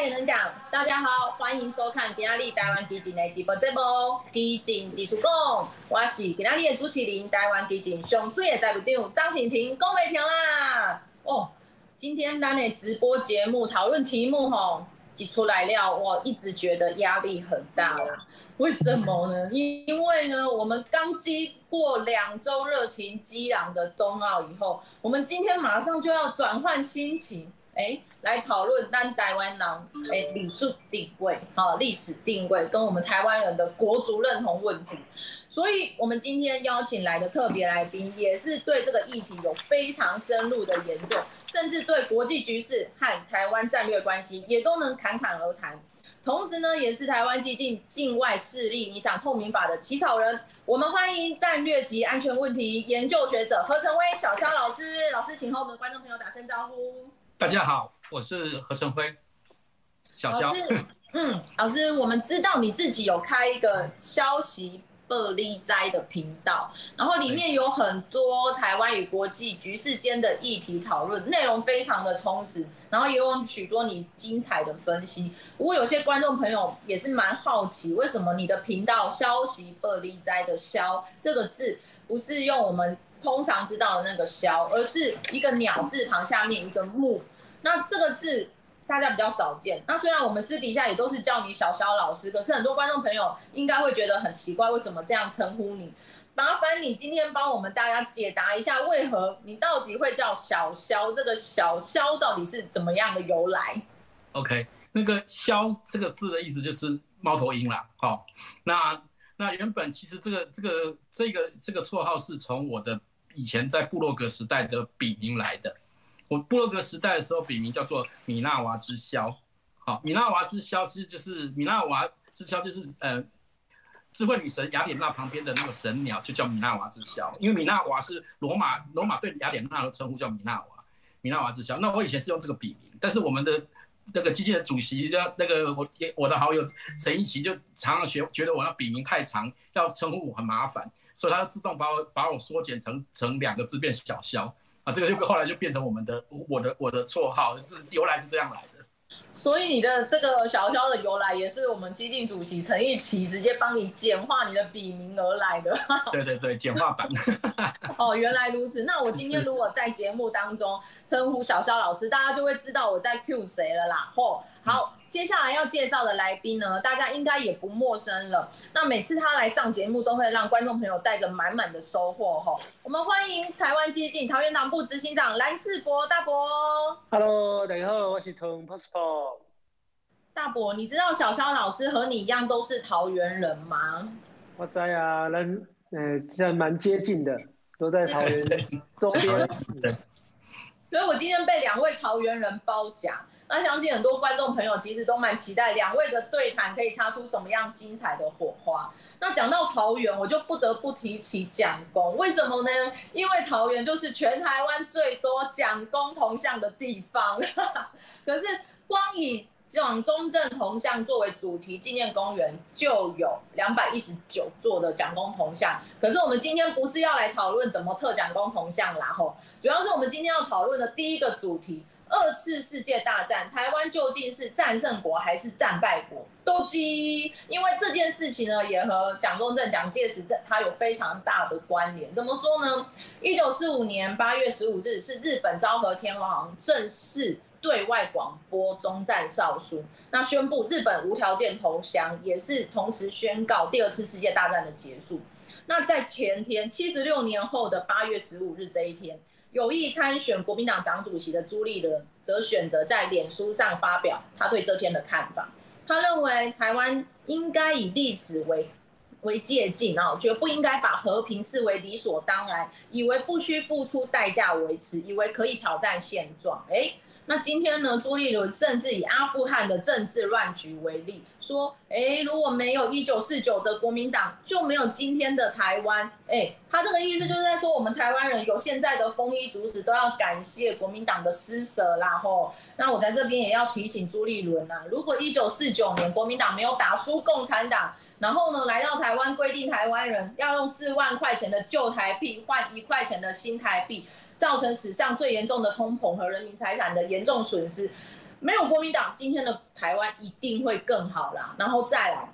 大家，也能大家好，歡迎收看《吉拉利台灣基進》的直播節目《基進佇厝講》。我是吉拉利的朱啟玲，台灣基進熊駐也在不定張婷婷，夠沒聽啦？哦，今天咱的直播節目討論題目吼，是出來了，我一直覺得壓力很大啦，為什麼呢？因為呢，我們剛經過兩周熱情激昂的東奧以後，我們今天馬上就要轉換心情，哎、欸。來討論當台灣人誒歷史定位，好歷史定位跟我們台灣人的國族認同問題，所以我們今天邀請來的特別來賓，也是對這個議題有非常深入的研究，甚至對國際局勢和台灣戰略關係也都能侃侃而談。同時呢，也是台灣基進境外勢力，影響透明法的起草人，我們歡迎戰略及安全問題研究學者何成威、小肖老師，老師請和我們的觀眾朋友打聲招呼。大家好，我是何澄輝，小梟。嗯，老師，我們知道你自己有開一個“消息二力齋”的頻道，然後裡面有很多台灣與國際局勢間的議題討論，內容非常的充實，然後也有許多你精彩的分析。不過有些觀眾朋友也是蠻好奇，為什麼你的頻道“消息二力齋”的“梟”這個字不是用我們通常知道的那個“蕭”，而是一個鳥字旁下面一個木。那這個字大家比較少見。那雖然我們私底下也都是叫你小肖老師，可是很多觀眾朋友應該會覺得很奇怪，為什麼這樣稱呼你？麻煩你今天幫我們大家解答一下，為何你到底會叫小肖？這個小肖到底是怎麼樣的由來？OK，那個肖這個字的意思就是貓頭鷹啦。好、哦，那那原本其實這個這個這個這個綽號是從我的以前在部落格時代的筆名來的。我部落格時代的時候，筆名叫做米娜娃之梟。好、哦，米娜娃之梟其實就是米娜娃之梟，就是、呃、智慧女神雅典娜旁邊的那個神鳥就叫米娜娃之梟。因為米娜娃是羅馬羅馬對雅典娜的稱呼叫米娜娃，米娜娃之梟。那我以前是用這個筆名，但是我們的那個基進的主席那個我我的好友陳奕齊就常常學覺得我那筆名太長，要稱呼我很麻煩，所以他就自動把我把我縮減成成兩個字，變小梟。啊、這個就後來就變成我們的我的我的，我的綽號，這由來是這樣來的。所以你的這個小肖的由來，也是我們基進主席陳奕齊直接幫你簡化你的筆名而來的。對對對， 簡化版。 哦，原來如此。 那我今天如果在節目當中稱呼小肖老師，是大家就會知道我在 cue 誰了啦。嚯！好，接下來要介紹的來賓呢，大家應該也不陌生了。那每次他來上節目，都會讓觀眾朋友帶着滿滿的收穫哈。我們歡迎台灣基進桃園黨部執行長藍士博大伯。Hello，大家好，我是 Tom Pascoe po。大伯，你知道小肖老師和你一樣都是桃園人嗎？我在啊，人呃，蠻接近的，都在桃園周邊。所以，我今天被兩位桃園人包夾。那相信很多觀眾朋友其實都蠻期待兩位的對談可以擦出什麼樣精彩的火花。那講到桃園，我就不得不提起蔣公，為什麼呢？因為桃園就是全台灣最多蔣公銅像的地方。可是光以蔣中正銅像作為主題紀念公園，就有兩百一十九座的蔣公銅像。可是我們今天不是要來討論怎麼撤蔣公銅像啦吼，主要是我們今天要討論的第一個主題。二次世界大戰，台灣究竟是戰勝國還是戰敗國？都基，因為這件事情呢，也和蔣中正、蔣介石這他有非常大的關聯。怎麼說呢？一九四五年八月十五日是日本昭和天皇正式對外廣播終戰詔書，那宣布日本無條件投降，也是同時宣告第二次世界大戰的結束。那在前天，七十六年後的八月十五日這一天。有意參選國民黨黨主席的朱立倫，則選擇在臉書上發表他對這天的看法。他認為台灣應該以歷史為為借鑑啊，絕不應該把和平視為理所當然，以為不需付出代價維持，以為可以挑戰現狀。哎、欸，那今天呢？朱立倫甚至以阿富汗的政治亂局為例。說誒，如果沒有一九四九的國民黨，就沒有今天的台灣。哎，他這個意思就是在說，我們台灣人有現在的豐衣足食，都要感謝國民黨的施舍啦。吼，那我在這邊也要提醒朱立倫吶啊，如果一九四九年國民黨沒有打輸共產黨，然後呢，來到台灣規定台灣人要用四萬塊錢的舊台幣換一塊錢的新台幣，造成史上最嚴重的通膨和人民財產的嚴重損失。沒有國民黨，今天的台灣一定會更好啦。然後再來，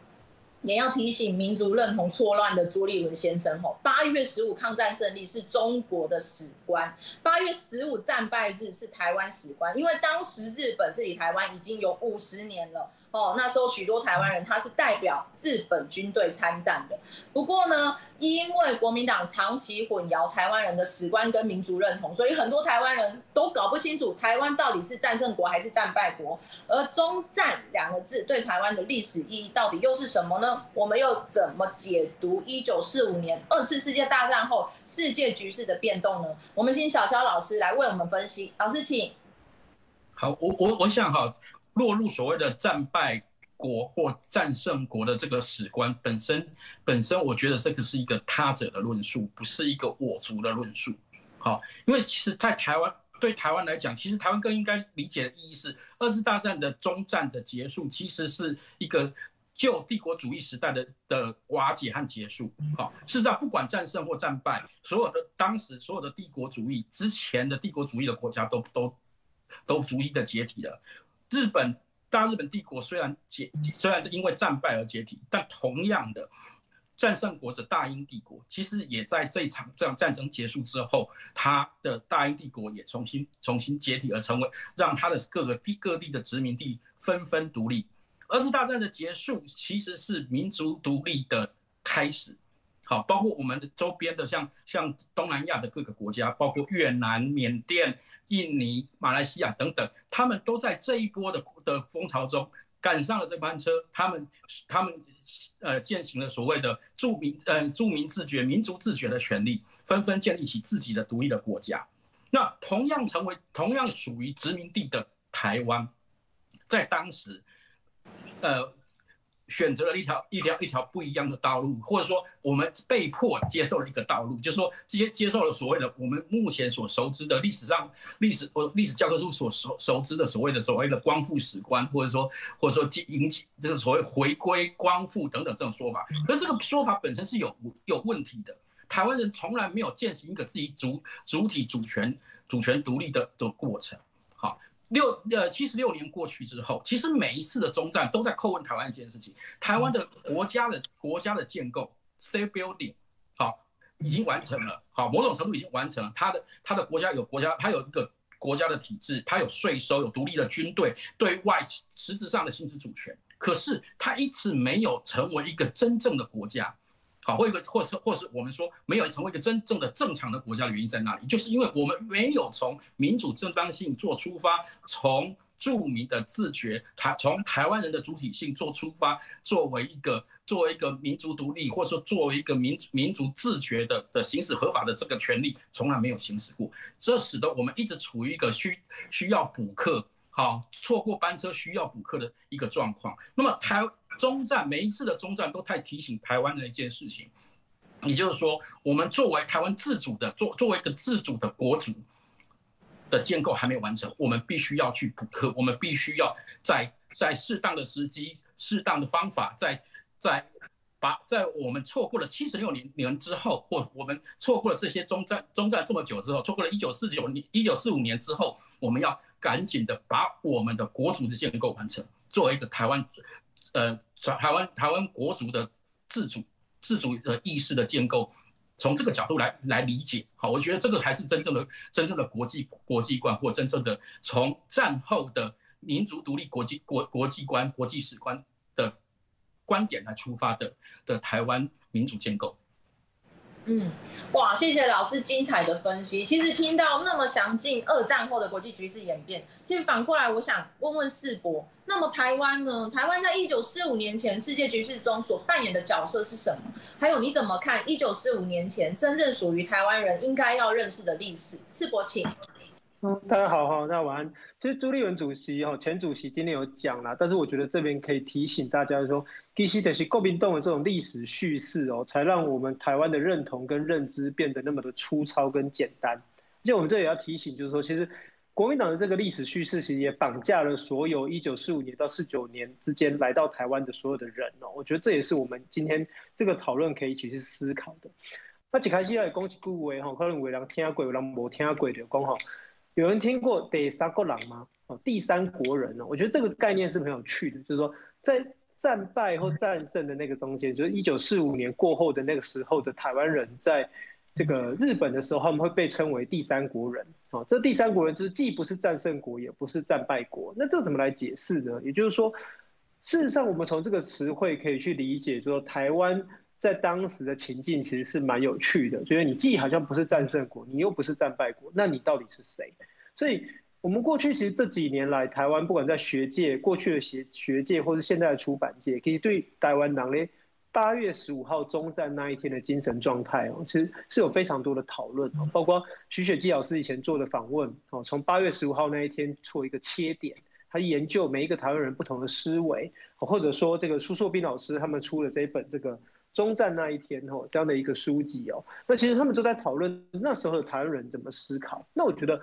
也要提醒民族認同錯亂的朱立倫先生吼，八月十五抗戰勝利是中國的史觀，八月十五戰敗日是台灣史觀，因為當時日本治理台灣已經有五十年了。哦，那時候許多台灣人他是代表日本軍隊參戰的。不過呢，因為國民黨長期混淆台灣人的史觀跟民族認同，所以很多台灣人都搞不清楚台灣到底是戰勝國還是戰敗國。而“終戰”兩個字對台灣的歷史意義到底又是什麼呢？我們又怎麼解讀一九四五年二次世界大戰後世界局勢的變動呢？我們請小肖老師來為我們分析。老師，請。好，我我我想哈。落入所謂的戰敗國或戰勝國的這個史觀本身本身，我覺得這個是一個他者的論述，不是一個我族的論述。好、哦，因為其實在台灣，對台灣來講，其實台灣更應該理解的意義是，二次大戰的終戰的結束，其實是一個舊帝國主義時代的的瓦解和結束。好、哦，事實上不管戰勝或戰敗，所有的當時所有的帝國主義之前的帝國主義的國家都都都逐一的解體了。日本大日本帝國雖然解，雖然是因為戰敗而解體，但同樣的，戰勝國的大英帝國其實也在這場這樣戰爭結束之後，他的大英帝國也重新重新解體而成為，讓他的各個地各地的殖民地紛紛獨立。二次大戰的結束其實是民族獨立的開始。好，包括我們的周邊的，像像東南亞的各個國家，包括越南、緬甸、印尼、馬來西亞等等，他們都在這一波的的風潮中趕上了這班車。他們他們呃，踐行了所謂的「住民」呃住民自決、民族自決的權利，紛紛建立起自己的獨立的國家。那同樣成為同樣屬於殖民地的台灣，在當時，呃。選擇了一條一條一條不一樣的道路，或者說我們被迫接受了一個道路，就是說接接受了所謂的我們目前所熟知的歷史上歷史或歷史教科書所熟熟知的所謂的所謂的光復史觀，或者說或者說引起這個所謂回歸光復等等這種說法，可是這個說法本身是有有問題的。台灣人從來沒有踐行一個自己主主體主權主權獨立的的過程。六呃七十六年過去之後，其實每一次的終戰都在叩問台灣這件事情。台灣的國家的國家的建構，state building，好，已經完成了，好，某種程度已經完成了。它的它的國家有國家，它有一個國家的體制，它有稅收，有獨立的軍隊，對外實質上的行使主權。可是它一直沒有成為一個真正的國家。好，或一個，或是或是，我們說沒有成為一個真正的正常的國家的原因在哪裡？就是因為我們沒有從民主正當性做出發，從住民的自覺，台從台灣人的主體性做出發，作為一個作為一個民族獨立，或者說作為一個民民族自覺的的行使合法的這個權利，從來沒有行使過，這使得我們一直處於一個需需要補課，好錯過班車需要補課的一個狀況。那麼台。終戰，每一次的終戰都太提醒台灣人的一件事情，也就是說，我們作為台灣自主的，作作為一個自主的國族的建構還沒有完成，我們必須要去補課，我們必須要在在適當的時機、適當的方法，在在把在我們錯過了七十六年年之後，或我們錯過了這些終戰終戰這麼久之後，錯過了一九四九年、一九四五年之後，我們要趕緊的把我們的國族的建構完成，作為一個台灣，呃。台灣台灣國族的自主自主的意識的建構，從這個角度來來理解，好，我覺得這個才是真正的真正的國際國際觀，或真正的從戰後的民族獨立國際國國際觀國際史觀的觀點來出發的的台灣民主建構。嗯，哇，謝謝老師精彩的分析。其實聽到那麼詳盡二戰後的國際局勢演變，其實反過來我想問問世博，那麼台灣呢？台灣在一九四五年前世界局勢中所扮演的角色是什麼？還有你怎麼看一九四五年前真正屬於台灣人應該要認識的歷史？世博，請。嗯，大家好哈，大家晚安。其實朱立倫主席哈前主席今天有講啦，但是我覺得這邊可以提醒大家說。其實就是，國民黨的這種歷史敘事哦、喔，才讓我們台灣的認同跟認知變得那麼的粗糙跟簡單。而且我們這也要提醒，就是說，其實國民黨的這個歷史敘事，其實也綁架了所有一九四五年到四九年之間來到台灣的所有的人哦、喔。我覺得這也是我們今天這個討論可以一起去思考的。那一開始要恭喜各位哈，可能有人聽過，有人沒聽過的，講哈，有人聽過第三國人嗎？哦，第三國人呢、喔？我覺得這個概念是很有趣的，就是說在。戰敗或戰勝的那個中間，就是一九四五年過後的那個時候的臺灣人，在這個日本的時候，他們會被稱為第三國人。啊，這第三國人就是既不是戰勝國，也不是戰敗國。那這怎麼來解釋呢？也就是說，事實上我們從這個詞彙可以去理解，說臺灣在當時的情境其實是蠻有趣的。就是你既好像不是戰勝國，你又不是戰敗國，那你到底是誰？所以。我們過去其實這幾年來，台灣不管在學界過去的學學界，或是現在的出版界，其實對台灣人的八月十五號終戰那一天的精神狀態哦，其實是有非常多的討論，包括徐雪姬老師以前做的訪問哦，從八月十五號那一天做一個切點，他研究每一個台灣人不同的思維，或者說這個蘇碩斌老師他們出了這一本這個終戰那一天哦這樣的一個書籍哦，那其實他們都在討論那時候的台灣人怎麼思考，那我覺得。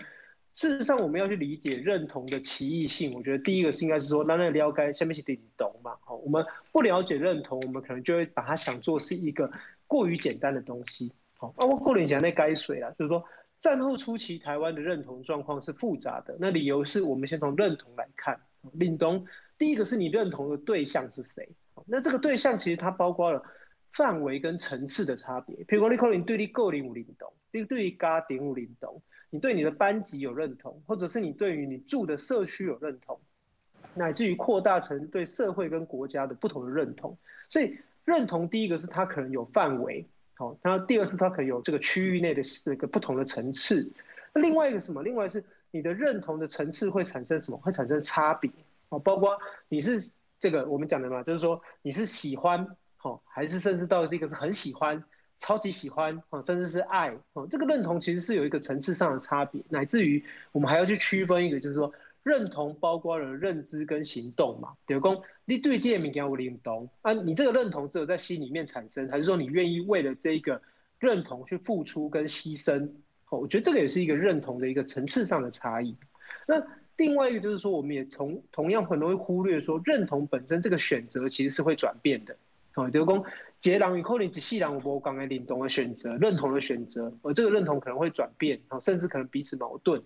事實上，我們要去理解認同的歧異性。我覺得第一個是應該是說，那那了解什麼是領懂嘛？好，我們不了解認同，我們可能就會把它想做是一個過於簡單的東西。好，啊，我過年講那該水啦，就是說戰後初期台灣的認同狀況是複雜的。那理由是我們先從認同來看領懂，第一個是你認同的對象是誰？那這個對象其實它包括了範圍跟層次的差別。譬如講你可能對你個人有領懂，你對於家庭有領懂。你對你的班級有認同，或者是你對於你住的社區有認同，乃至於擴大成對社會跟國家的不同的認同。所以認同第一個是它可能有範圍，好，那第二是它可能有這個區域內的這個不同的層次那。另外一個什麼？另外是你的認同的層次會產生什麼？會產生差別，哦，包括你是這個我們講的嘛，就是說你是喜歡，哦，還是甚至到這個是很喜歡。超級喜歡啊，甚至是愛啊，這個認同其實是有一個層次上的差別，乃至於我們還要去區分一個，就是說認同包括了認知跟行動嘛。比如說，你對這個東西有認同啊？你這個認同只有在心裡面產生，還是說你願意為了這個認同去付出跟犧牲？我覺得這個也是一個認同的一個層次上的差異。那另外一個就是說，我們也同同樣很容易忽略說，認同本身這個選擇其實是會轉變的。哦，比如說。杰朗與柯林及細朗與剛的認同的,的選擇，認同的選擇，而這個認同可能會轉變，甚至可能彼此矛盾。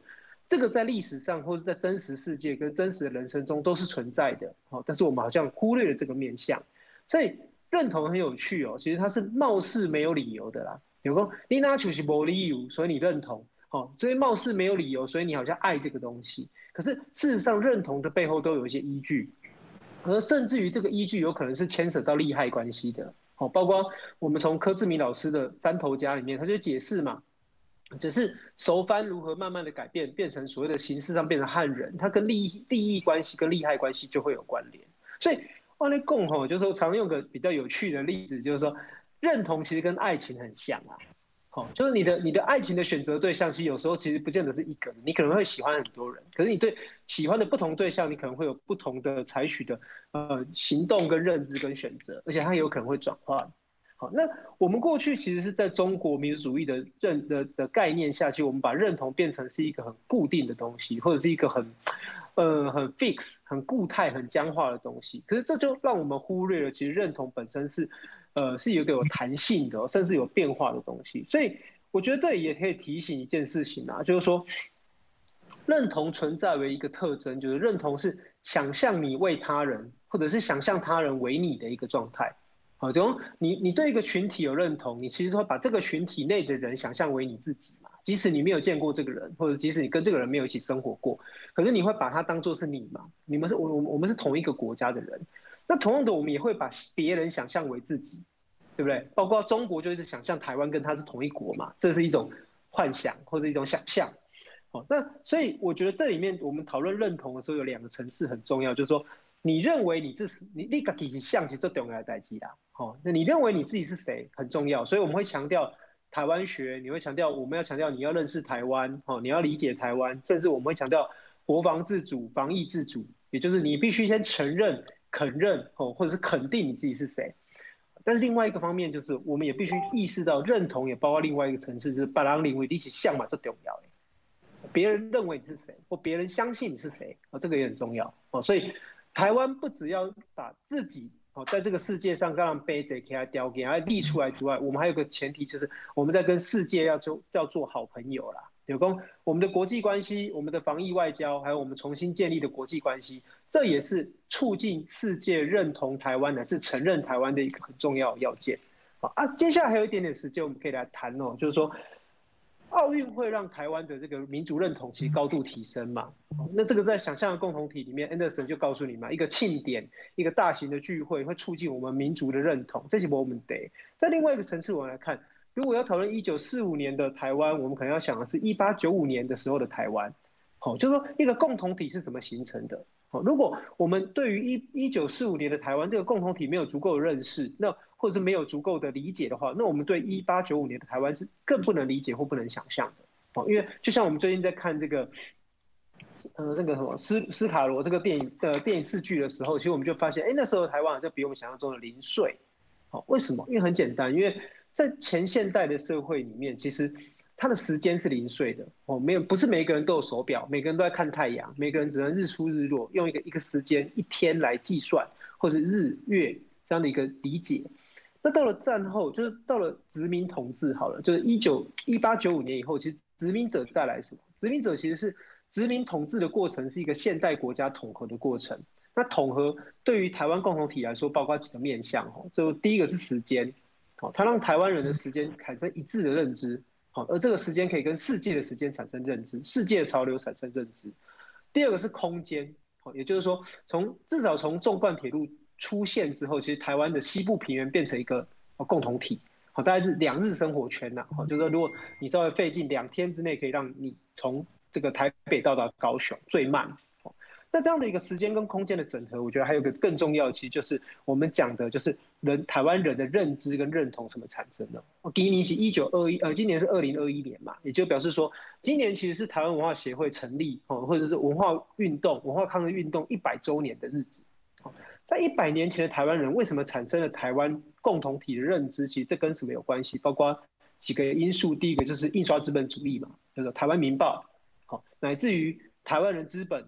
這個在歷史上或者在真實世界跟真實的人生中都是存在的。哦，但是我們好像忽略了這個面向。所以認同很有趣哦，其實它是貌似沒有理由的啦。有個你拿就是沒有理由，所以你認同。哦，所以貌似沒有理由，所以你好像愛這個東西。可是事實上，認同的背後都有一些依據，而甚至於這個依據有可能是牽涉到利害關係的。好，包括我們從柯志明老師的番頭家裡面，他就解釋嘛，只、就是熟番如何慢慢的改變，變成所謂的形式上變成漢人，他跟利益、利益關係跟利害關係就會有關聯。所以我來共吼，就是說常用個比較有趣的例子，就是說認同其實跟愛情很像啊。哦，就是你的你的愛情的選擇對象，其實有時候其實不見得是一個人，你可能會喜歡很多人，可是你對喜歡的不同對象，你可能會有不同的採取的呃行動跟認知跟選擇，而且它也有可能會轉化。好，那我們過去其實是在中國民族主義的認的的概念下去，我們把認同變成是一個很固定的東西，或者是一個很呃很 fix、很固態、很僵化的東西，可是這就讓我們忽略了，其實認同本身是。呃，是有個有彈性的，甚至有變化的東西，所以我覺得這裡也可以提醒一件事情啊，就是說，認同存在為一個特徵，就是認同是想象你為他人，或者是想象他人為你的一個狀態。好，就你你對一個群體有認同，你其實會把這個群體內的人想象為你自己嘛。即使你沒有見過這個人，或者即使你跟這個人沒有一起生活過，可是你會把他當做是你嘛。你們是我我我們是同一個國家的人。那同樣的，我們也會把別人想象為自己，對不對？包括中國就一直想象台灣跟它是同一國嘛，這是一種幻想或者一種想象。哦，那所以我覺得這裡面我們討論認同的時候有兩個層次很重要，就是說你認為你自己你立卡底級象棋這東來代替啦。哦，那你認為你自己是誰很重要，所以我們會強調台灣學，你會強調我們要強調你要認識台灣，哦，你要理解台灣，甚至我們會強調國防自主、防疫自主，也就是你必須先承認。肯認哦，或者是肯定你自己是誰，但另外一個方面就是，我們也必須意識到，認同也包括另外一個層次，就是把狼領，為一起向嘛就重要誒。別人認為你是誰，或別人相信你是誰，哦，這個也很重要哦。所以台灣不只要把自己哦，在這個世界上讓 basic 給他掉給，而立出來之外，我們還有個前提，就是我們在跟世界要做要做好朋友啦。有工，我們的國際關係、我們的防疫外交，還有我們重新建立的國際關係，這也是促進世界認同台灣，乃是承認台灣的一個很重要要件。好啊，啊，接下來還有一點點時間，我們可以來談哦，就是說奧運會讓台灣的這個民族認同其實高度提升嘛。那這個在想象的共同體裡面，Anderson 就告訴你嘛，一個慶典、一個大型的聚會會促進我們民族的認同，這是 moment day。在另外一個層次，我們來看。如果要討論一九四五年的台灣，我們可能要想的是一八九五年的時候的台灣。好，就是說一個共同體是怎麼形成的。好，如果我們對於一一九四五年的台灣這個共同體沒有足夠認識，那或者是沒有足夠的理解的話，那我們對一八九五年的台灣是更不能理解或不能想象的。好，因為就像我們最近在看這個，呃，那個什麼斯斯卡羅這個電影的、呃、電視劇的時候，其實我們就發現，哎、欸，那時候台灣就比我們想象中的零碎。好，為什麼？因為很簡單，因為。在前現代的社會裡面，其實它的時間是零碎的哦，沒有不是每個人都有手表，每個人都在看太陽，每個人只能日出日落，用一個一個時間一天來計算，或是日月這樣的一個理解。那到了戰後，就是到了殖民統治，好了，就是一九一八九五年以後，其實殖民者帶來什麼？殖民者其實是殖民統治的過程是一個現代國家統合的過程。那統合對於台灣共同體來說，包括幾個面向哦，就第一個是時間。它讓台灣人的時間產生一致的認知，而這個時間可以跟世界的時間產生認知，世界潮流產生認知。第二個是空間，也就是說從，從至少從縱貫鐵路出現之後，其實台灣的西部平原變成一個共同體，好，大概是兩日生活圈，嗯，就是說，如果你稍微費勁，兩天之內可以讓你從這個台北到達高雄，最慢。那這樣的一個時間跟空間的整合，我覺得還有一個更重要的，其實就是我們講的，就是人台灣人的認知跟認同怎麼產生的。第一年是一九二一，呃，今年是二零二一年嘛，也就表示說，今年其實是台灣文化協會成立哦，或者是文化運動、文化抗日運動一百周年的日子。在一百年前的台灣人，為什麼產生了台灣共同體的認知？其實這跟什麼有關係？包括幾個因素，第一個就是印刷資本主義嘛，叫做《台灣民報》，好，乃至於台灣人資本。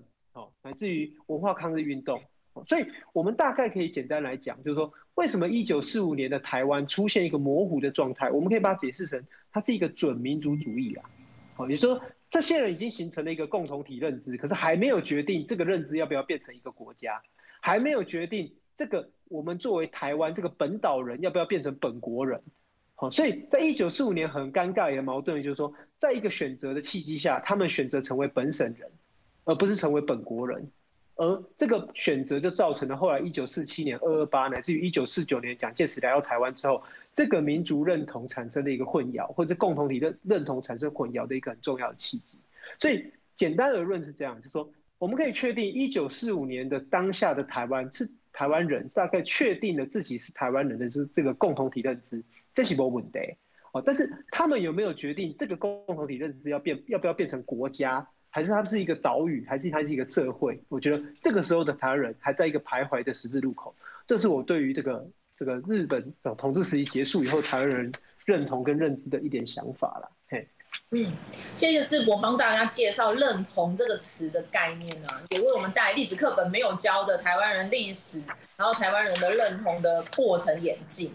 乃至於文化抗日運動，所以我們大概可以簡單來講，就是說為什麼一九四五年的台灣出現一個模糊的狀態？我們可以把它解釋成它是一個準民族主義啊。你說這些人已經形成了一個共同體認知，可是還沒有決定這個認知要不要變成一個國家，還沒有決定這個我們作為台灣這個本島人要不要變成本國人。所以在一九四五年很尷尬的矛盾，就是說在一個選擇的契機下，他們選擇成為本省人，而不是成為本國人，而這個選擇就造成了後來一九四七年二二八，乃至於一九四九年蔣介石來到台灣之後，這個民族認同產生的一個混淆，或者共同體的認同產生混淆的一個很重要的契機。所以簡單而論是這樣，就是說我們可以確定一九四五年的當下的台灣是台灣人，大概確定了自己是台灣人的這這個共同體認知，這是沒問題。哦，但是他們有沒有決定這個共同體認知要變，要不要變成國家？還是它是一個島嶼，還是它是一個社會？我覺得這個時候的台灣人還在一個徘徊的十字路口。這是我對於這個這個日本統治時期結束以後台灣人認同跟認知的一點想法啦。嘿，嗯，這個是我幫大家介紹“認同”這個詞的概念啊，也為我們帶來歷史課本沒有教的台灣人歷史，然後台灣人的認同的過程演進。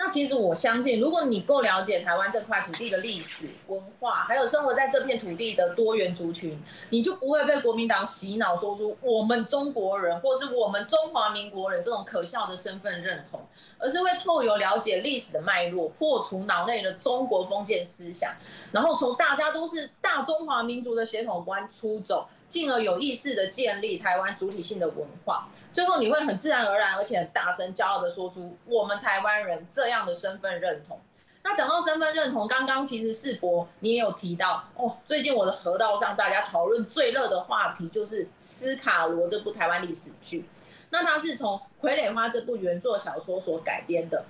那其實我相信，如果你夠了解台灣這塊土地的歷史文化，還有生活在這片土地的多元族群，你就不會被國民黨洗腦，說出我們中國人或是我們中華民國人這種可笑的身份認同，而是會透由了解歷史的脈絡，破除腦內的中國封建思想，然後從大家都是大中華民族的血統觀出走，進而有意識的建立台灣主體性的文化。最後你會很自然而然，而且很大聲驕傲地說出我們台灣人這樣的身份認同。那講到身份認同，剛剛其實世博你也有提到哦，最近我的河道上大家討論最熱的話題就是《斯卡羅》這部台灣歷史劇。那它是從《傀儡花》這部原作小說所改編的。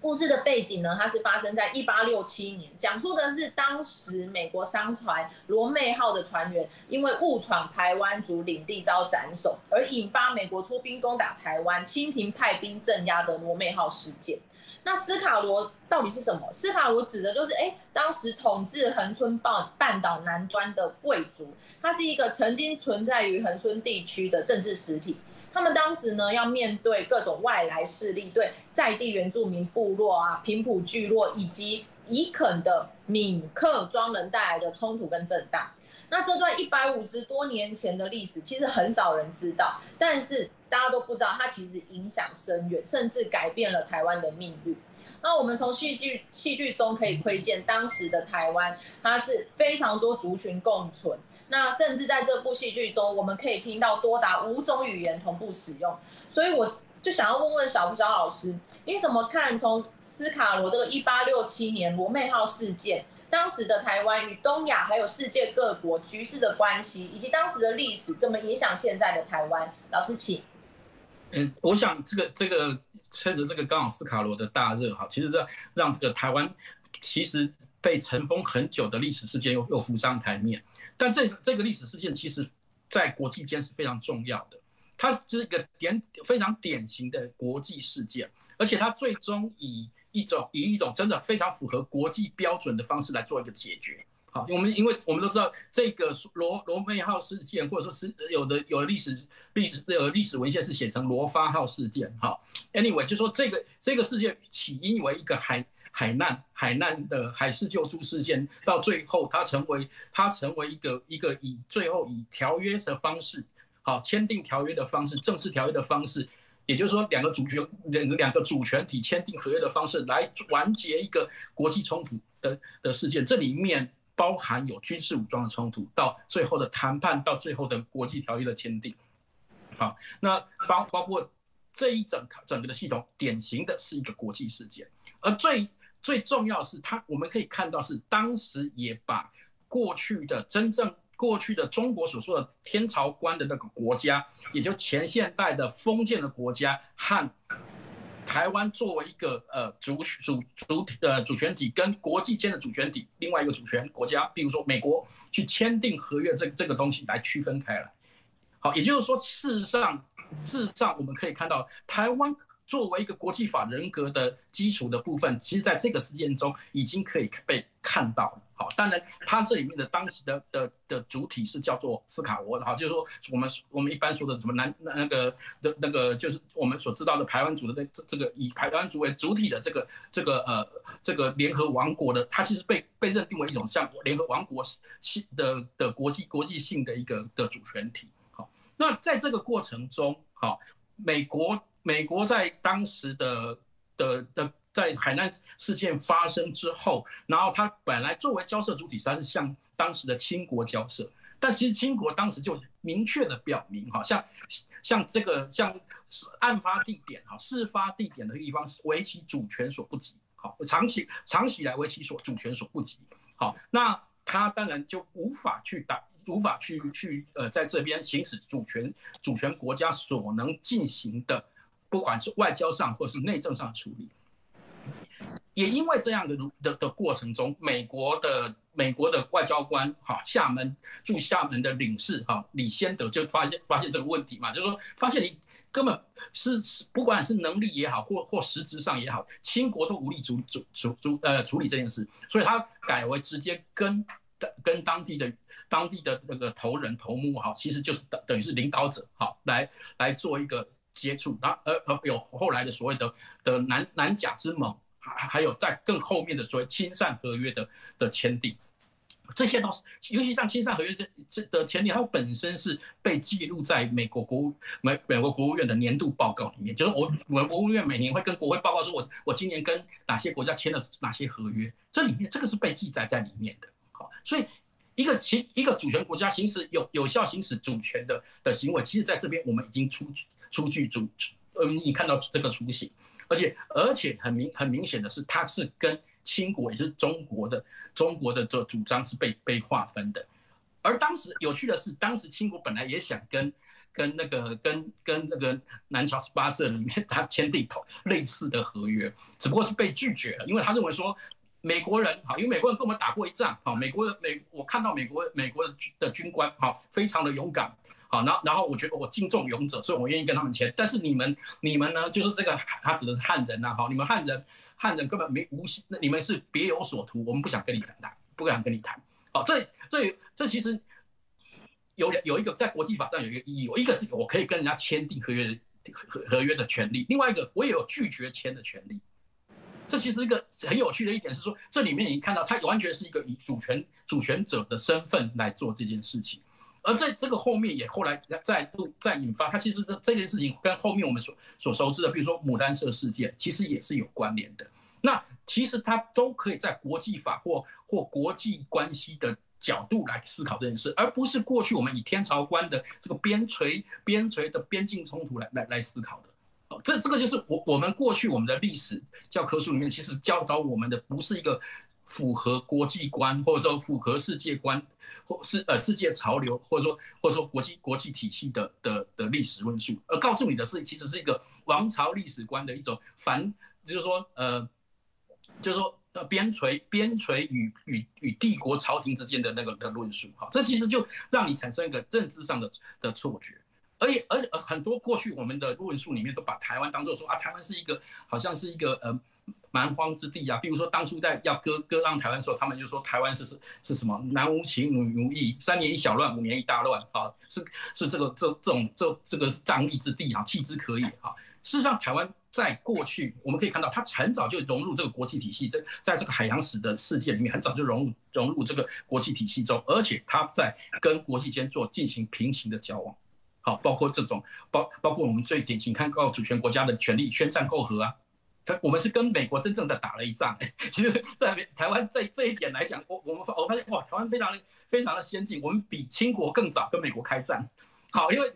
故事的背景呢，它是發生在一八六七年，講述的是當時美國商船羅妹號的船員因為誤闖台灣族領地遭斬首，而引發美國出兵攻打台灣、清廷派兵鎮壓的羅妹號事件。那斯卡羅到底是什麼？斯卡羅指的就是，誒、欸，當時統治恆春半半島南端的貴族，他是一個曾經存在於恆春地區的政治實體。他們當時呢，要面對各種外來勢力對在地原住民部落啊、平埔聚落以及移墾的閩客莊人帶來的衝突跟震盪。那這段一百五十多年前的歷史，其實很少人知道，但是大家都不知道，它其實影響深遠，甚至改變了台灣的命運。那我們從戲劇戲劇中可以窺見當時的台灣，它是非常多族群共存。那甚至在這部戲劇中，我們可以聽到多達五種語言同步使用。所以我就想要問問小不小老師，你怎麼看從斯卡羅這個一八六七年羅妹號事件，當時的台灣與東亞還有世界各國局勢的關係，以及當時的歷史怎麼影響現在的台灣？老師，請。嗯，我想這個這個。趁着這個剛好斯卡羅的大熱，哈，其實這讓讓這個台灣，其實被塵封很久的歷史事件又又浮上台面，但這這個歷史事件其實，在國際間是非常重要的，它是一個典非常典型的國際事件，而且它最終以一種以一種真的非常符合國際標準的方式來做一個解決。好，我們因為我們都知道這個羅羅妹號事件，或者說是有的有歷史歷史呃歷史文獻是寫成羅發號事件。哈，Anyway，就說這個這個事件起因為一個海海難海難的海事救助事件，到最後它成為它成為一個一個以最後以條約的方式，好簽訂條約的方式，正式條約的方式，也就是說兩個主權兩個兩個主權體簽訂合約的方式來完結一個國際衝突的的事件，這裡面。包含有軍事武裝的衝突，到最後的談判，到最後的國際條約的簽訂，好，那包包括這一整個整個的系統，典型的是一個國際事件，而最最重要的是，它我們可以看到是當時也把過去的真正過去的中國所說的天朝觀的那個國家，也就前現代的封建的國家和。台灣作為一個呃主主主體呃主權體跟國際間的主權體，另外一個主權國家，比如說美國去簽訂合約這個、這個東西來區分開來，好，也就是說事實上事實上我們可以看到台灣作為一個國際法人格的基礎的部分，其實在這個事件中已經可以被看到了。好，當然，它這裡面的當時的的的主體是叫做斯卡羅的哈，就是說我們我們一般說的什麼南那個的那個，那個，就是我們所知道的排灣族的這這個以排灣族為主體的這個這個呃這個聯合王國的，它其實被被認定為一種像聯合王國性的的，的國際國際性的一個的主權體。好，那在這個過程中，好，哦，美國美國在當時的的的。的在海難事件發生之後，然後他本來作為交涉主體，他是向當時的清國交涉，但其實清國當時就明確的表明，哈，像像這個像案發地點，哈，事發地點的地方為其主權所不及，哈，長期長期以來為其所主權所不及，好，那他當然就無法去打，無法去去呃在這邊行使主權，主權國家所能進行的，不管是外交上或是內政上的處理。也因為這樣的的的過程中，美國的美國的外交官哈，廈門駐廈門的領事哈，李仙得就發現發現這個問題嘛，就是說發現你根本是是不管是能力也好，或或實質上也好，清國都無力處處處處呃處理這件事，所以他改為直接跟跟當地的當地的那個頭人頭目哈，其實就是等等於是領導者哈，來來做一個。接觸，然後而而、呃、有後來的所謂的的南南岬之盟，還還有在更後面的所謂親善合約的的簽訂，這些都是，尤其像親善合約這這的簽訂，它本身是被記錄在美國國務美美國國務院的年度報告裡面，就是我我們國務院每年會跟國會報告說我，我我今年跟哪些國家簽了哪些合約，這裡面這個是被記載在裡面的，好，所以。一個其一個主權國家行使有有效行使主權的的行為，其實在這邊我們已經出出具主，呃，你看到這個雛形，而且而且很明很明顯的是，它是跟清國也是中國的中國的這主張是被被劃分的，而當時有趣的是，當時清國本來也想跟跟那個跟跟那個南朝十八社裡面他簽訂類類似的合約，只不過是被拒絕了，因為他認為說，美國人好，因為美國人跟我們打過一仗好，美國的美我看到美國美國的軍的軍官好，非常的勇敢好，然後然後我覺得我敬重勇者，所以我願意跟他們簽。但是你們你們呢，就是這個他指的是漢人吶、啊、好，你們漢人漢人根本沒無心，你們是別有所圖，我們不想跟你談，談不敢跟你談好、哦。這這這其實有兩有一個在國際法上有一個意義，我一個是我可以跟人家簽訂合約的合合約的權利，另外一個我也有拒絕簽的權利。這其實一個很有趣的一點是說，這裡面你看到它完全是一個以主權主權者的身份來做這件事情，而在這個後面也後來再度再引發它，其實這件事情跟後面我們所所熟知的，比如說牡丹社事件，其實也是有關聯的。那其實它都可以在國際法或或國際關係的角度來思考這件事，而不是過去我們以天朝觀的這個邊陲邊陲的邊境衝突來來來思考的。哦，這這個就是我我們過去我們的歷史教科書裡面，其實教導我們的不是一個符合國際觀或者說符合世界觀，或是呃世界潮流或者說或者說國際國際體系的的的歷史論述。而告訴你的是，其實是一個王朝歷史觀的一種反，就是說呃就是說呃邊陲邊陲與與與與帝國朝廷之間的那個的論述。哈、哦，這其實就讓你產生一個政治上的的錯覺。而且而且呃很多過去我們的論述裡面都把台灣當做說啊，台灣是一個好像是一個呃蠻荒之地啊。比如說當初在要割割讓台灣的時候，他們就說台灣是是是什麼男無情女無義，三年一小亂，五年一大亂啊，是是這個這這種這這個瘴癘之地啊，棄之可以啊。事實上，台灣在過去我們可以看到，它很早就融入這個國際體系，在在這個海洋史的世界裡面，很早就融入融入這個國際體系中，而且它在跟國際間做進行平行的交往。好，包括這種，包包括我們最近，請看到主權國家的權利宣戰媾和啊，他我們是跟美國真正的打了一仗、欸。其實在台灣在這一點來講，我我們我發現哇，台灣非常的非常的先進，我們比清國更早跟美國開戰。好，因為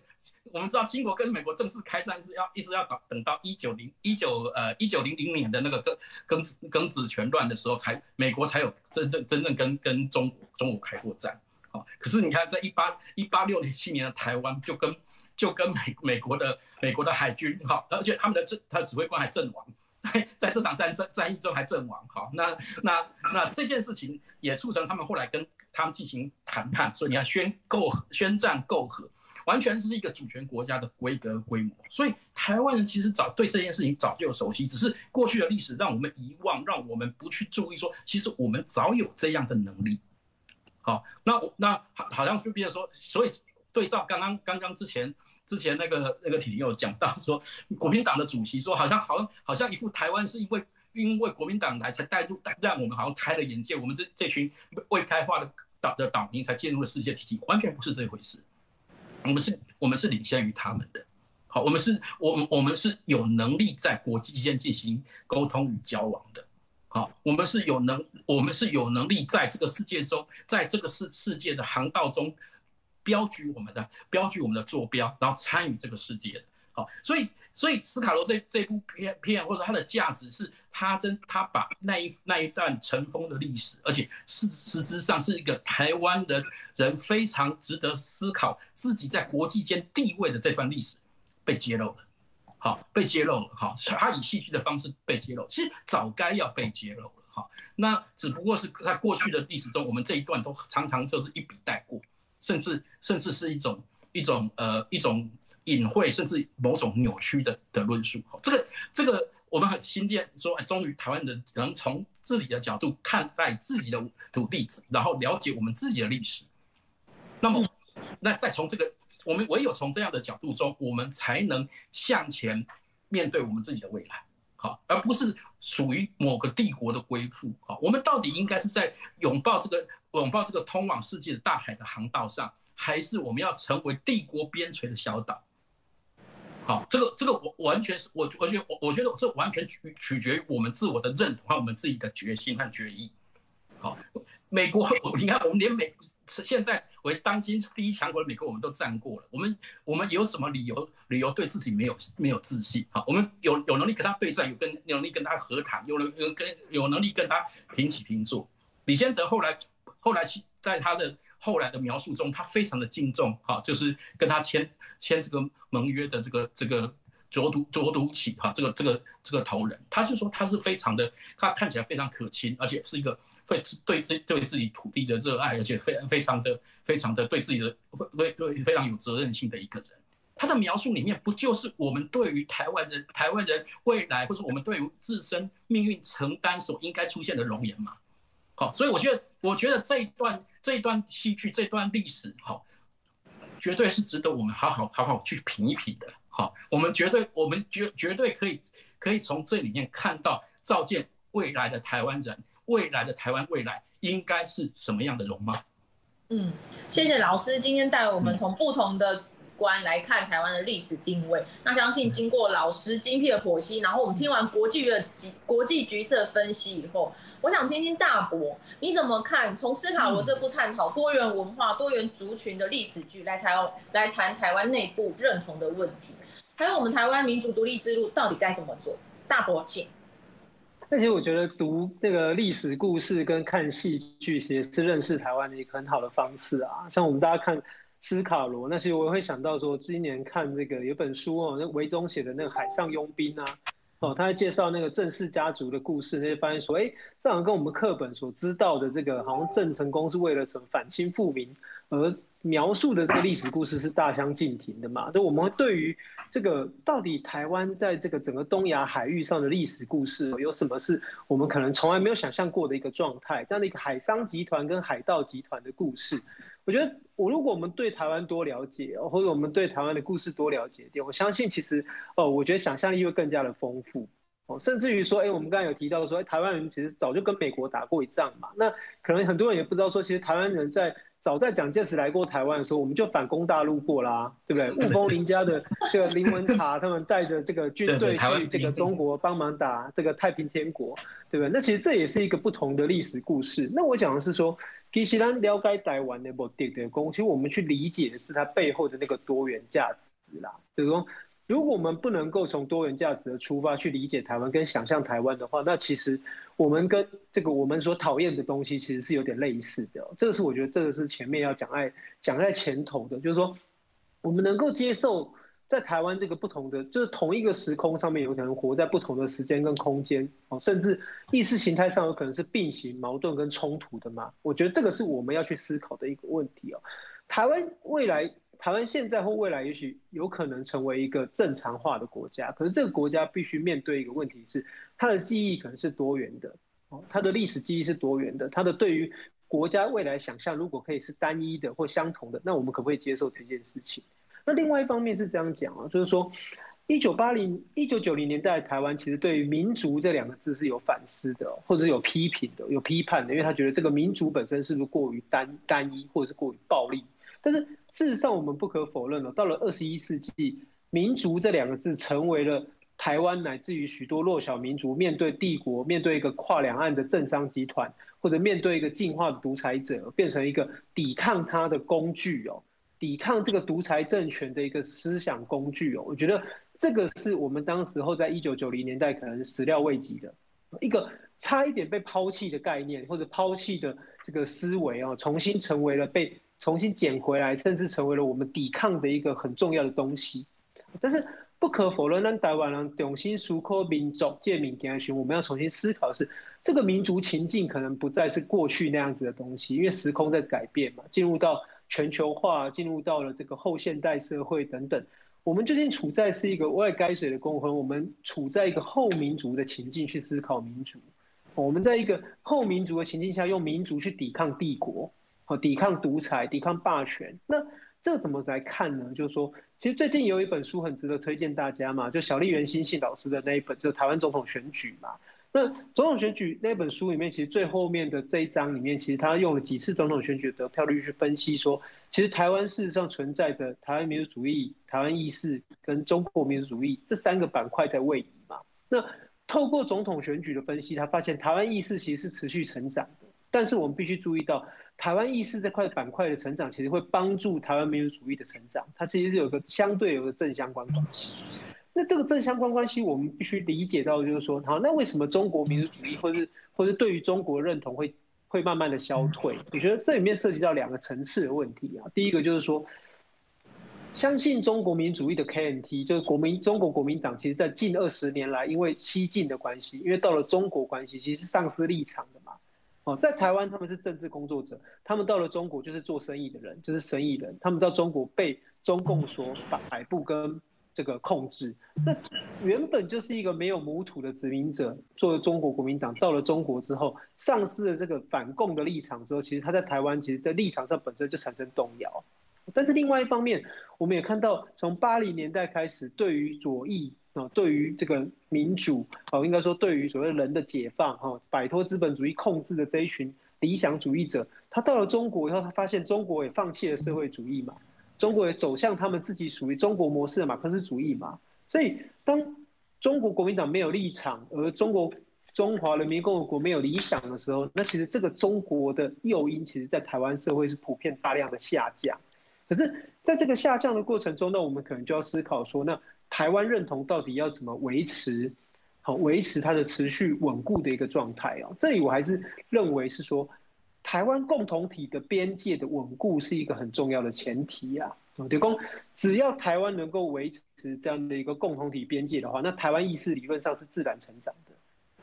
我們知道清國跟美國正式開戰是要一直要等等到一九零一九呃一九零零年的那個庚庚庚子拳亂的時候，才美國才有真正真正跟跟中國中國開過戰。好，可是你看，在一八一八六七年，的台灣就跟就跟美美國的美國的海軍，哈，而且他們的，他的指他指揮官還陣亡，在在這場戰爭戰役中還陣亡，哈，那那那這件事情也促成他們後來跟他們進行談判，所以你要宣媾宣戰媾和，完全是一個主權國家的規格規模，所以台灣人其實早對這件事情早就有熟悉，只是過去的歷史讓我們遺忘，讓我們不去注意說，說其實我們早有這樣的能力。好，那我那好，好像是比如說，所以對照剛剛剛剛之前之前那個那個題有講到說，國民黨的主席說，好像好像好像一副台灣是因為因為國民黨來才帶入帶，讓我們好像開了眼界，我們這這群未開化的島的島民才進入了世界體系，完全不是這回事。我們是我們是領先於他們的，好，我們是我們我們是有能力在國際間進行溝通與交往的。好、哦，我們是有能，我們是有能力在這個世界中，在這個世世界的航道中，標舉我們的，標舉我們的坐標，然後參與這個世界。的，好、哦，所以，所以斯卡羅這這部片片，或者它的價值是，他真他把那一那一段塵封的歷史，而且是實質上是一個台灣人人非常值得思考自己在國際間地位的這段歷史，被揭露了。好，被揭露了。好，所以他以戲劇的方式被揭露。其實早該要被揭露了。好，那只不過是在過去的歷史中，我們這一段都常常就是一筆帶過，甚至甚至是一種一種呃一種隱晦，甚至某種扭曲的的論述。好，這個這個我們很欣慰，說哎，終於台灣人能從自己的角度看待自己的土地，然後了解我們自己的歷史。那麼，那再從這個。我們唯有從這樣的角度中，我們才能向前面對我們自己的未來，好，而不是屬於某個帝國的歸附。好，我們到底應該是在擁抱這個擁抱這個通往世界的大海的航道上，還是我們要成為帝國邊陲的小島？好，這個這個我完全是我我覺得我覺得這完全取取決於我們自我的認同和我們自己的決心和決議。好，美國你看我們連美。現在為當今第一強國的美國，我們都戰過了，我們我們有什麼理由理由對自己沒有沒有自信？哈？我們有有能力跟他對戰，有跟有能力跟他和談，有能有跟有能力跟他平起平坐。李仙得後來後來在他的後來的描述中，他非常的敬重，哈，就是跟他簽簽這個盟約的這個這個卓杞篤卓杞篤哈、啊，這個這個這個頭人，他是說他是非常的，他看起來非常可親，而且是一個。對自對自對自己土地的熱愛，而且非常非常的非常的對自己的會對，對非常有責任心的一個人，他的描述裡面不就是我們對於台灣人台灣人未來，或是我們對於自身命運承擔所應該出現的容顏嗎？好、哦，所以我覺得我覺得這一段這一段戲劇這段歷史，好、哦，絕對是值得我們好好好好去品一品的。好、哦，我們絕對我們絕絕對可以可以從這裡面看到照見未來的台灣人。未來的台灣未來應該是什麼樣的容貌？嗯，謝謝老師今天帶我們從不同的史觀來看台灣的歷史定位。嗯、那相信經過老師精闢的剖析，然後我們聽完國際的、嗯、局國際局勢的分析以後，我想聽聽大伯你怎麼看？從斯卡羅這部探討多元文化、嗯、多元族群的歷史劇來台灣來談台灣內部認同的問題，還有我們台灣民族獨立之路到底該怎麼做？大伯，請。但其實我覺得讀那個歷史故事跟看戲劇其實是認識台灣的一個很好的方式啊。像我們大家看斯卡羅，那其實我也會想到說，今年看這個有一本書哦，那維中寫的那個《海上傭兵》啊，哦，他在介紹那個鄭氏家族的故事，那些發現說，哎、欸，這好像跟我們課本所知道的這個，好像鄭成功是為了什麼反清復明而。描述的這個歷史故事是大相徑庭的嘛？就我們對於這個到底台灣在這個整個東亞海域上的歷史故事，有什麼是我們可能從來沒有想象過的一個狀態？這樣的一個海商集團跟海盜集團的故事，我覺得我如果我們對台灣多了解，或者我們對台灣的故事多了解點，我相信其實哦，我覺得想象力會更加的豐富哦，甚至於說，哎，我們剛才有提到說，台灣人其實早就跟美國打過一仗嘛，那可能很多人也不知道說，其實台灣人在。早在蔣介石來過台灣的時候，我們就反攻大陸過啦、啊，對不對？霧峰 林家的這個林文察，他們帶着這個軍隊去這個中國幫忙打這個太平天國， 對不對？那其實這也是一個不同的歷史故事。那我講的是說，其實咱了解台灣那部電影的功，其實我們去理解的是它背後的那個多元價值啦。就是說，如果我們不能夠從多元價值的出發去理解台灣跟想象台灣的話，那其實。我們跟這個我們所討厭的東西其實是有點類似的，這個是我覺得這個是前面要講，愛講在前頭的，就是說，我們能夠接受在台灣這個不同的，就是同一個時空上面有可能活在不同的時間跟空間，哦，甚至意識形態上有可能是並行、矛盾跟衝突的嘛？我覺得這個是我們要去思考的一個問題哦。台灣未來，台灣現在或未來，也許有可能成為一個正常化的國家，可是這個國家必須面對一個問題是。他的記憶可能是多元的，他的歷史記憶是多元的，他的對於國家未來想象如果可以是單一的或相同的，那我們可不可以接受這件事情？那另外一方面是這樣講啊，就是說一九八零、一九九零年代台灣其實對於“民族”這兩個字是有反思的，或者是有批評的，有批判的，因為他覺得這個“民族”本身是不是過於單單一，或者是過於暴力？但是事實上我們不可否認了，到了二十一世紀，“民族”這兩個字成為了。台灣乃至於許多弱小民族，面對帝國，面對一個跨兩岸的政商集團，或者面對一個進化的獨裁者，變成一個抵抗它的工具哦，抵抗這個獨裁政權的一個思想工具哦。我覺得這個是我們當時候在一九九零年代可能是始料未及的一個差一點被拋棄的概念，或者拋棄的這個思維哦，重新成為了被重新撿回來，甚至成為了我們抵抗的一個很重要的東西，但是。不可否認，咱台灣人重新思考民族、建民、建群，我們要重新思考的是，這個民族情境可能不再是過去那樣子的東西，因為時空在改變嘛。進入到全球化，進入到了這個後現代社會等等，我們究竟處在是一個外改水的共和，我們處在一個後民族的情境去思考民族。我們在一個後民族的情境下，用民族去抵抗帝國、和抵抗獨裁、抵抗霸權。那這怎麼來看呢？就是說，其實最近有一本書很值得推薦大家嘛，就小笠原欣幸老師的那一本，就《台灣總統選舉》嘛。那總統選舉那本書裡面，其實最後面的這一章裡面，其實他用了幾次總統選舉的票率去分析說，說其實台灣事實上存在的台灣民族主義、台灣意識跟中國民族主義這三個板塊在位移嘛。那透過總統選舉的分析，他發現台灣意識其實是持續成長的，但是我們必須注意到。台灣意識這塊板塊的成長，其實會幫助台灣民族主義的成長，它其實是有個相對有個正相關關係。那這個正相關關係，我們必須理解到，就是說，好，那為什麼中國民族主義，或者或者對於中國認同會會慢慢的消退？你覺得這裡面涉及到兩個層次的問題啊？第一個就是說，相信中國民族主義的 KMT 就是國民中國國民黨，其實在近二十年來，因為西進的關係，因為到了中國關係，其實是喪失立場的嘛。在台灣他們是政治工作者，他們到了中國就是做生意的人，就是生意人。他們到中國被中共所擺布跟這個控制，那原本就是一個沒有母土的殖民者。做了中國國民黨到了中國之後，喪失了這個反共的立場之後，其實他在台灣其實在立場上本身就產生動搖。但是另外一方面，我們也看到從八零年代開始，對於左翼。對於這個民主啊，應該說，對於所謂人的解放哈，擺脫資本主義控制的這一群理想主義者，他到了中國以後，他發現中國也放棄了社會主義嘛，中國也走向他們自己屬於中國模式的馬克思主義嘛。所以，當中國國民黨沒有立場，而中國中華人民共和國沒有理想的時候，那其實這個中國的誘因，其實，在台灣社會是普遍大量的下降。可是，在這個下降的過程中，那我們可能就要思考說，那。台灣認同到底要怎麼維持？好，維持它的持續穩固的一個狀態啊。這裡我還是認為是說，台灣共同體的邊界的穩固是一個很重要的前提呀。啊，李工，只要台灣能夠維持這樣的一個共同體邊界的話，那台灣意識理論上是自然成長的。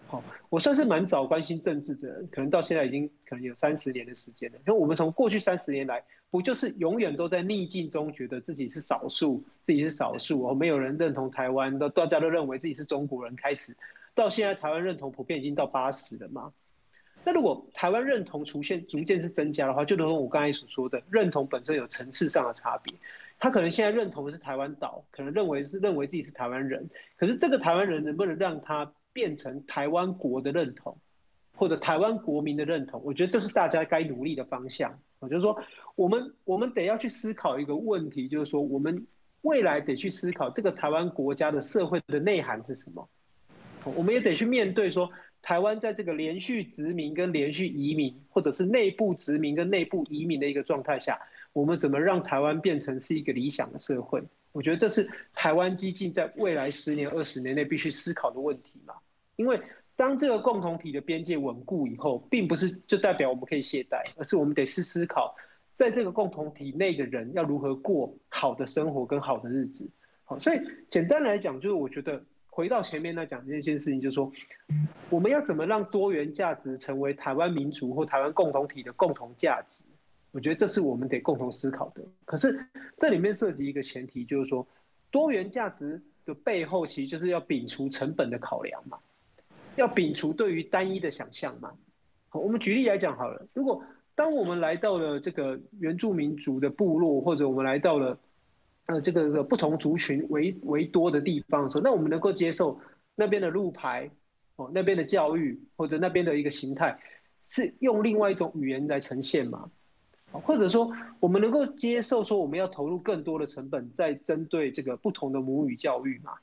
好，我算是蠻早關心政治的人，可能到現在已經可能有三十年的時間了。因為我們從過去三十年來，不就是永遠都在逆境中，覺得自己是少數，自己是少數，沒有人認同台灣，到大家都認為自己是中國人開始，到現在台灣認同普遍已經到八十了嘛。那如果台灣認同出現逐漸是增加的話，就如同我剛才所說的，認同本身有層次上的差別，他可能現在認同的是台灣島，可能認為是認為自己是台灣人，可是這個台灣人能不能讓他變成台灣國的認同？或者台灣國民的認同，我覺得這是大家該努力的方向。我覺得說，我們我們得要去思考一個問題，就是說，我們未來得去思考這個台灣國家的社會的內涵是什麼。我們也得去面對說，台灣在這個連續殖民跟連續移民，或者是內部殖民跟內部移民的一個狀態下，我們怎麼讓台灣變成是一個理想的社會？我覺得這是台灣基進在未來十年、二十年內必須思考的問題嘛，因為。當這個共同體的邊界穩固以後，並不是就代表我們可以懈怠，而是我們得是思考，在這個共同體內的人要如何過好的生活跟好的日子。好，所以簡單來講，就是我覺得回到前面來講這件事情，就是說我們要怎麼讓多元價值成為台灣民族或台灣共同體的共同價值？我覺得這是我們得共同思考的。可是這裡面涉及一個前提，就是說多元價值的背後，其實就是要摒除成本的考量嘛。要摒除對於單一的想象嗎？好，我們舉例來講好了。如果當我們來到了這個原住民族的部落，或者我們來到了呃這個不同族群為為多的地方的時候，那我們能夠接受那邊的路牌哦，那邊的教育，或者那邊的一個形態是用另外一種語言來呈現嗎？或者說我們能夠接受說我們要投入更多的成本在針對這個不同的母語教育嗎？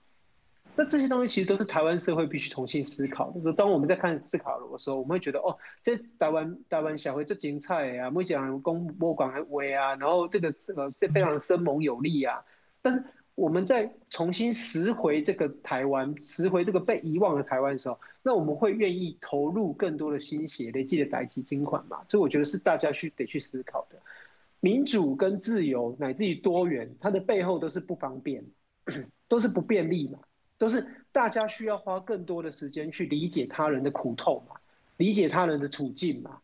那這些東西其實都是台灣社會必須重新思考。就當我們在看《斯卡羅》的時候，我們會覺得哦、喔，這台灣台灣社會最精彩啊，公講公莫講威啊，然後這個、呃、這個是非常生猛有力啊。但是我們在重新拾回這個台灣，拾回這個被遺忘的台灣的時候，那我們會願意投入更多的心血，得記得累積金款嘛？所以我覺得是大家需得去思考的。民主跟自由，乃至於多元，它的背後都是不方便，都是不便利嘛。都是大家需要花更多的時間去理解他人的苦痛嘛，理解他人的處境嘛，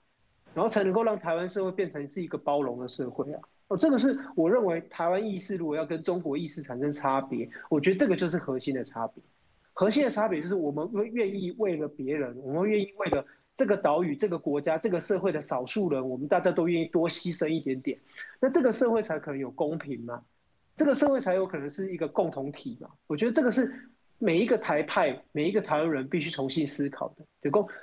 然後才能夠讓台灣社會變成是一個包容的社會啊。哦，這個是我認為台灣意識如果要跟中國意識產生差別，我覺得這個就是核心的差別。核心的差別就是我們願意為了別人，我們願意為了這個島嶼、這個國家、這個社會的少數人，我們大家都願意多犧牲一點點，那這個社會才可能有公平嘛，這個社會才有可能是一個共同體嘛。我覺得這個是。每一個台派，每一個台灣人必須重新思考的。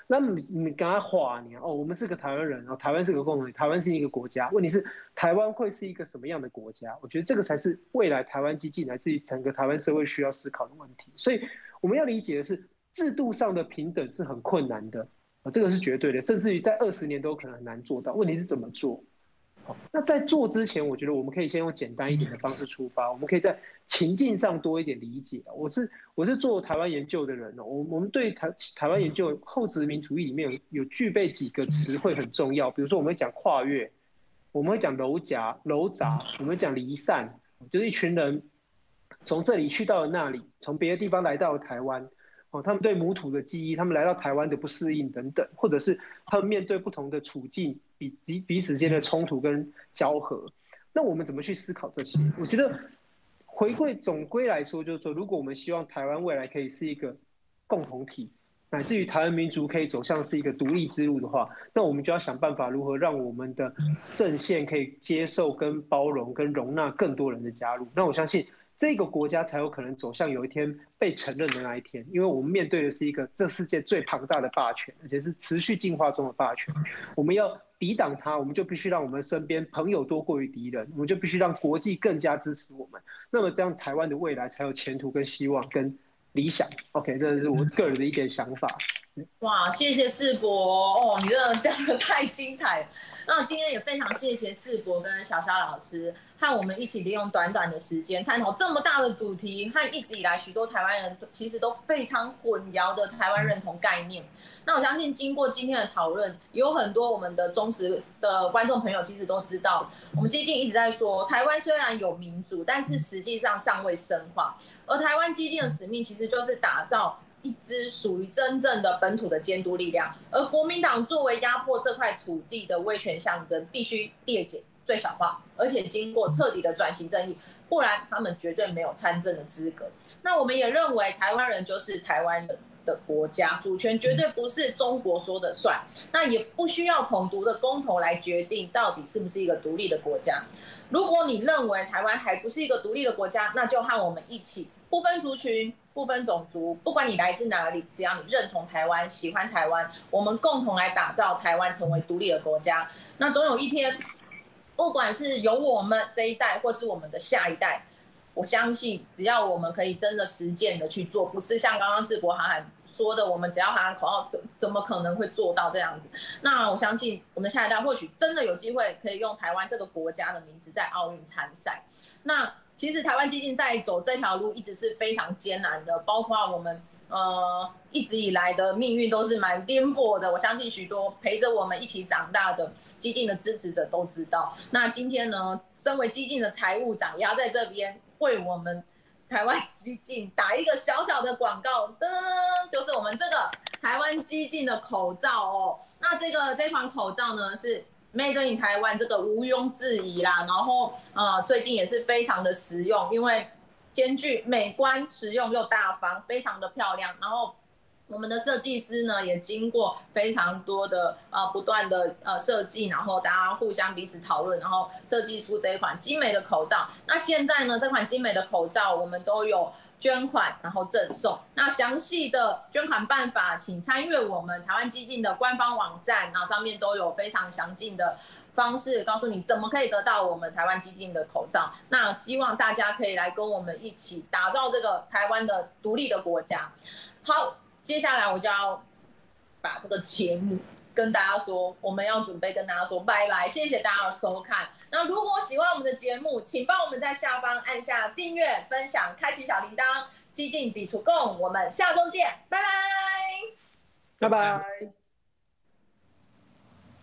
那你你跟他話你哦，我們是個台灣人，然台灣是個共和國，台灣是一個國家。問題是台灣會是一個什麼樣的國家？我覺得這個才是未來台灣基進來自於整個台灣社會需要思考的問題。所以我們要理解的是，制度上的平等是很困難的，這個是絕對的，甚至於在二十年都可能很難做到。問題是怎麼做？那在做之前，我覺得我們可以先用簡單一點的方式出發，我們可以在情境上多一點理解。我是我是做台灣研究的人哦，我我們對台台灣研究後殖民主義裡面有具備幾個詞彙很重要，比如說我們會講跨越，我們會講樓夾樓閘，我們會講離散，就是一群人從這裡去到了那裡，從別的地方來到了台灣。他們對母土的記憶，他們來到台灣的不適應等等，或者是他們面對不同的處境，以及彼此間的衝突跟交合，那我們怎麼去思考這些？我覺得，回歸總歸來說，就是說，如果我們希望台灣未來可以是一個共同體，乃至於台灣民族可以走向是一個獨立之路的話，那我們就要想辦法如何讓我們的陣線可以接受、跟包容、跟容納更多人的加入。那我相信，這個國家才有可能走向有一天被承認的那一天，因為我們面對的是一個這世界最龐大的霸權，而且是持續進化中的霸權。我們要抵擋它，我們就必須讓我們身邊朋友多過於敵人，我們就必須讓國際更加支持我們。那麼這樣，台灣的未來才有前途跟希望跟理想。OK，這是我個人的一點想法。哇，謝謝世博哦，你這講的太精彩了。那我今天也非常謝謝世博跟小沙老師，和我們一起利用短短的時間探討這麼大的主題，和一直以來許多台灣人其實都非常混淆的台灣認同概念。那我相信經過今天的討論，有很多我們的忠實的觀眾朋友其實都知道，我們基進一直在說台灣雖然有民主，但是實際上尚未深化。而台灣基進的使命其實就是打造。一支屬於真正的本土的監督力量，而國民黨作為壓迫這塊土地的威權象徵，必須裂解最小化，而且經過徹底的轉型正義，不然他們絕對沒有參政的資格。那我們也認為，台灣人就是台灣的國家主權，絕對不是中國說的算，那也不需要統獨的公投來決定到底是不是一個獨立的國家。如果你認為台灣還不是一個獨立的國家，那就和我們一起不分族群。不分種族，不管你來自哪裡，只要你認同台灣、喜歡台灣，我們共同來打造台灣成為獨立的國家。那總有一天，不管是由我們這一代，或是我們的下一代，我相信只要我們可以真的實踐的去做，不是像剛剛志博航海說的，我們只要喊喊口號，怎怎麼可能會做到這樣子？那我相信我們下一代或許真的有機會可以用台灣這個國家的名字在奧運參賽。那。其實台灣基進在走這條路一直是非常艱難的，包括我們呃一直以來的命運都是蠻顛簸的。我相信許多陪着我們一起長大的基進的支持者都知道。那今天呢，身為基進的財務長，也要在這邊為我們台灣基進打一個小小的廣告噔噔，就是我們這個台灣基進的口罩哦。那這個這款口罩呢是。made in 台灣，這個毋庸置疑啦，然後呃、啊、最近也是非常的實用，因為兼具美觀、實用又大方，非常的漂亮。然後我們的設計師呢也經過非常多的不斷的呃設計，然後大家互相彼此討論，然後設計出這一款精美的口罩。那現在呢這款精美的口罩我們都有。捐款，然後贈送。那詳細的捐款辦法，請參閱我們台灣基進的官方網站、啊，那上面都有非常詳盡的方式，告訴你怎麼可以得到我們台灣基進的口罩。那希望大家可以來跟我們一起打造這個台灣的獨立的國家。好，接下來我就要把這個節目。跟大家說，我們要準備跟大家說拜拜，謝謝大家的收看。那如果喜歡我們的節目，請幫我們在下方按下訂閱、分享、開啟小鈴鐺。基進佇厝講，我們下週見，拜拜，拜拜。拜拜。